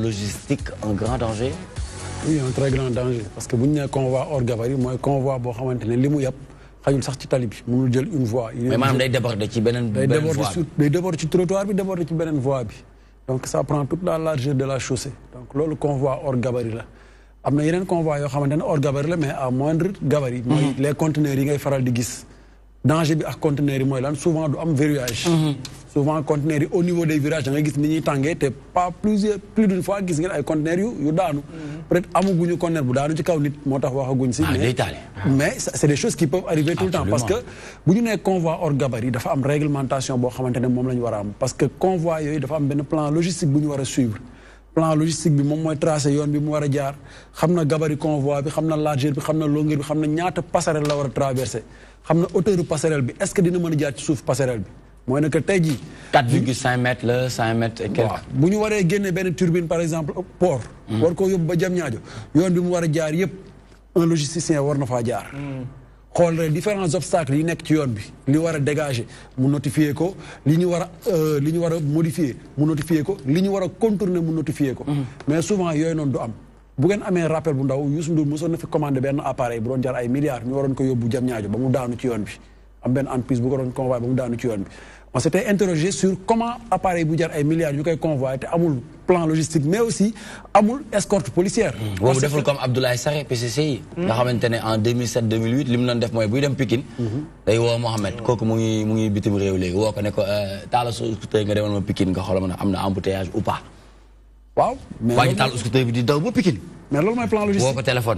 logistique en grand danger oui en très grand danger parce que si on nee convoi hors gabarit moi convoi boo Les gens, li mu yàpp xajul sax ci une voie mais même les déborder ci beneen day déborder ci trottoir bi déborder ci voie donc ça prend toute la largeur de la chaussée donc le convoi hors gabarit Il y a un convoi hors gabarit mais à moindre gabarit mm-hmm. les conteneurs yi feront faral di danger bi ak conteneur yi lan souvent du am verrouillage mhm. souvent conteneur yi au niveau des virages nga gis ni ñuy tàngee té pas plusieurs plus d'une fois gis ngeen ay conteneur yu yu daanu mhm. peut-être amuguñu conteneur bu daanu ci kaw nit motax waxaguñ ci ah, mais c'est des choses qui peuvent arriver tout le temps parce que buñu né convoi hors gabarit dafa am réglementation bo xamante mom moom wara am parce que convoi yooyu dafa am ben plan logistique buñu wara suivre plan logistique bi moom mooy tracé yoon bi mu war a jaar xam na gabarit convoi bi xam na largeur bi xam na longueur bi xam na ñaata passerelle la war a traversé xam na hauteur passerelle bi est-ce que dina mën a jaar ci suuf passerelle bi mooy ne que tey jii. 4,5 mètres bu ñu waree génne benn turbine par exemple port. Mm. war koo yóbbu ba jam ñaajo yoon bi mu war a jaar yëpp un logisticien war na faa jaar. Mm. xool différents obstacles yi nekk ci yoon bi li war a dégager mu notifier ko li ñu war a euh, li ñu war a modifier mu notifier ko li ñu war a contourner mu notifier ko. Mhm. mais souvent yooyu noonu du am. bu ngeen amee rappel bu ndaw Youssou Ndour mosoon na fi commandé benn appareil bu doon jar ay milliards ñu waroon ko yóbbu jam ñaajo ba mu daanu ci yoon bi. on s'était interrogé sur comment appareil bu jar ay milliards yu plan logistique mais aussi amul escorte policière. Hmm. fait comme Abdoulaye Saré PCCI hmm. nga en 2007 2008 li def Pékin, et dem Pikine. Hmm. day Mohamed kooku mu ngi mu ngi ko ne ko Pékin, euh, nga demal Pikine ou pas. mais loolu mooy plan logistique woo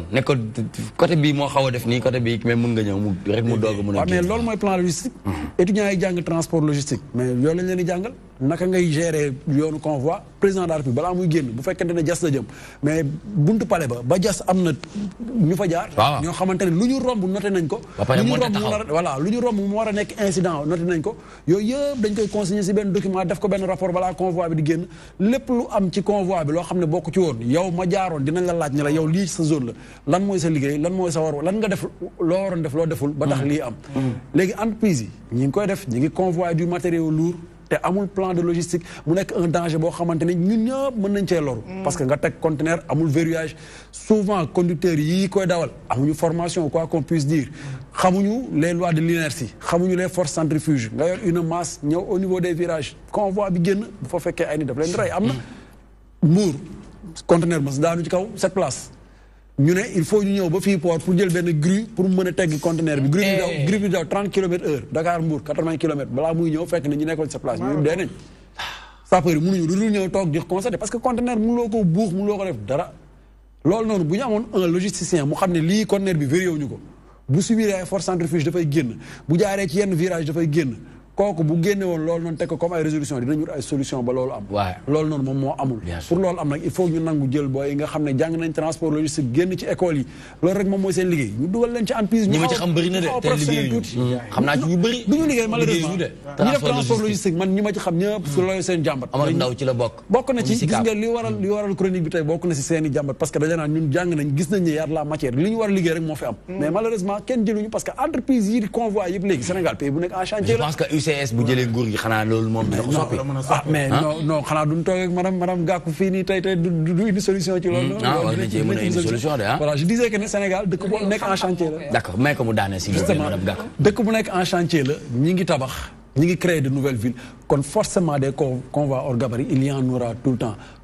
a def nii côté bii a mun a. mais loolu hmm. jàng transport logistique. mais yooyu lañ leen di jàngal naka ngay gérer yoonu convoi président de la République balaa muy génn bu fekkente ne jas la jëm mais buntu pale ba ba jas am na ñu fa jaar. waaw ñoo xamante ne lu ñu romb noté nañ ko. ba pare moo taxaw lu ñu romb mu war a nekk incident noté nañ ko. yooyu yëpp dañ koy consigner si benn document def ko benn rapport balaa convoi bi di génn lépp lu am ci convoi bi loo xam ne bokk ci woon yow ma laaj ne la yow lii sa zone la lan mooy sa liggéey lan mooy sa war lan nga def loo waroon def loo deful ba tax lii am mm-hmm. léegi entreprise yi ñi ngi koy def ñi ngi convoyer du matériel lourd te amul plan de logistique mu nekk un danger boo xamante ne ñun ñëpp mën nañ cee lor. Mm. parce que nga teg conteneur amul verrouillage souvent conducteur yi koy dawal amuñu formation quoi qu'on puisse dire xamuñu les lois de l'inertie xamuñu les forces centrifuges nga yor une masse ñëw au niveau des virages convoi bi génn bu fa fekkee ay nit daf leen rey am na mm conteneur ba daanu ci kaw cette place ñu ne il faut ñu ñëw ba fii port pour jël benn grue pour mën a tegg conteneur bi. grue bi daw eh. grue bi daw trente kilomètres heure Dakar Mbour 80 km kilomètres balaa muy ñëw fekk na ñu nekkoon sa place ñu dee nañ. sapeur yi mënuñu lu dul ñëw toog di constater parce que conteneur mënuloo ko buux mënuloo ko def dara loolu noonu bu ñu amoon un logisticien mu xam ne lii conteneur bi vérifié wuñu ko bu subiree force centrifuge dafay génn bu jaaree ci yenn virage dafay génn. kooku bu génne woon noonu teg comme ay résolution dinañ wut ay solution ba loolu am loolu noonu moom moo amul pour loolu am nag il faut ñu nangu jël booy yi nga xam ne jàng nañ gis nañ gis la matière li ñu war liggéey rek moo fi am hmm. mais malheureusement kenn jëluñu parce que entreprise yi di convoi yëpp léegi Sénégal pays bu nekk en chantier UCS bu jëlee nguur gi xanaa loolu moom. dina ko soppi ah mais ah? non xanaa du toogee ak madame madame Gakou fii nii tey tey du indi solution. ci loolu hmm? ah war na cee mën a indi solution ah? ne Sénégal dëkk bu nekk en chantier la. d'accord may ko ngi tabax. ñi ngi créer de nouvelles villes kon forcément des convois hors gabarit il y en tout le temps.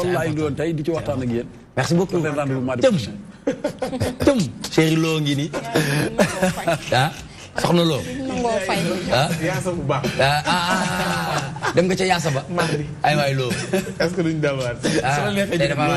loolu laa indi woon tey di ci waxtaan ak yéen. merci beaucoup jëm jëm. chéri loo ngi nii ah soxna loo. ah yaasa bu baax. ah dem nga ca yaasa ba. ay waay loo. est-ce que duñ damaa.